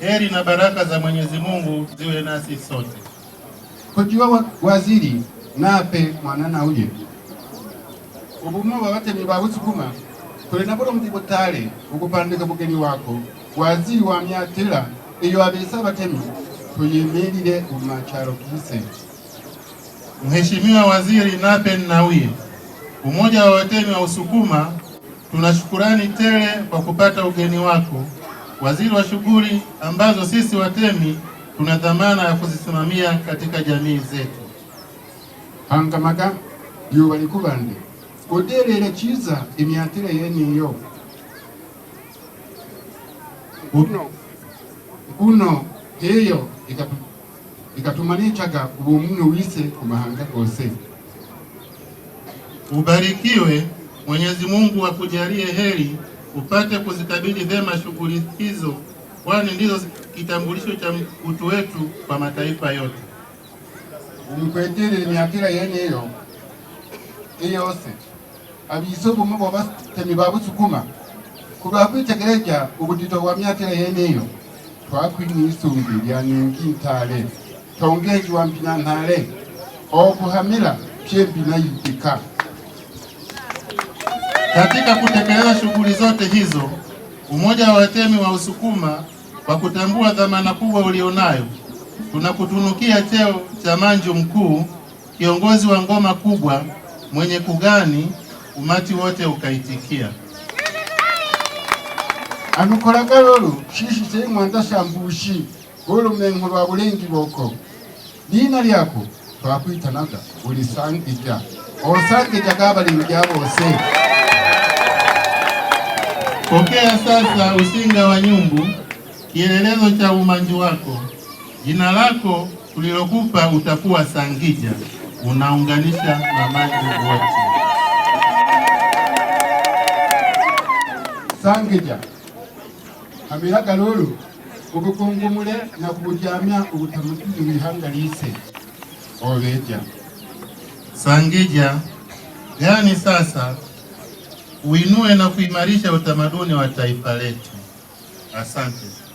Heri na baraka za Mwenyezi Mungu ziwe nasi sote. Kojiwa waziri nape mwanana uye ubumo babatemi babusukuma tuli nabolo muzibutale ukupandika mugeni wako waziri wa myatela iyo abisa abatemi tuyimirire umacharo kise. Mheshimiwa Waziri Nape Nnauye, umoja wa watemi wa Usukuma tuna shukurani tele kwa kupata ugeni wako waziri wa shughuli ambazo sisi watemi tuna dhamana ya kuzisimamia katika jamii zetu. hangamaga yuba likubande kuderera chiza imiatile yeniyo kuno heyo ikatuma nicaga ubumwe wise kumahanga gose. Ubarikiwe Mwenyezi Mungu akujalie heri upate kuzikabili vyema shughuli hizo, kwani ndizo kitambulisho cha utu wetu kwa mataifa yote. Umkwetile myakila yene iyo iyose abisuguma bobatemi babusuguma kulwakwitegereja ubudito bwa myakila yene iyo twakwinyiisumbi lya nyingi ntale tongeji wa mbinyantale okuhamila pyembi nayidika katika kutekeleza shughuli zote hizo, Umoja wa Watemi wa Usukuma, kwa kutambua dhamana kubwa ulionayo, tunakutunukia cheo cha manju mkuu, kiongozi wa ngoma kubwa mwenye kugani. Umati wote ukaitikia anukolaga lolu shishi seimwanda shambushi ulumengo lwa bulengi boko nina lyako twakwitanaga ulisangija osangija gabalimi ja Pokea sasa usinga wa nyumbu, kielelezo cha umanji wako. Jina lako ulilokupa utakuwa Sangija, unaunganisha na maji wote. Sangija hamila lulu ubukungumule na kubujamya ubutamutuzi lise obeja Sangija gani sasa uinue na kuimarisha utamaduni wa taifa letu. Asante.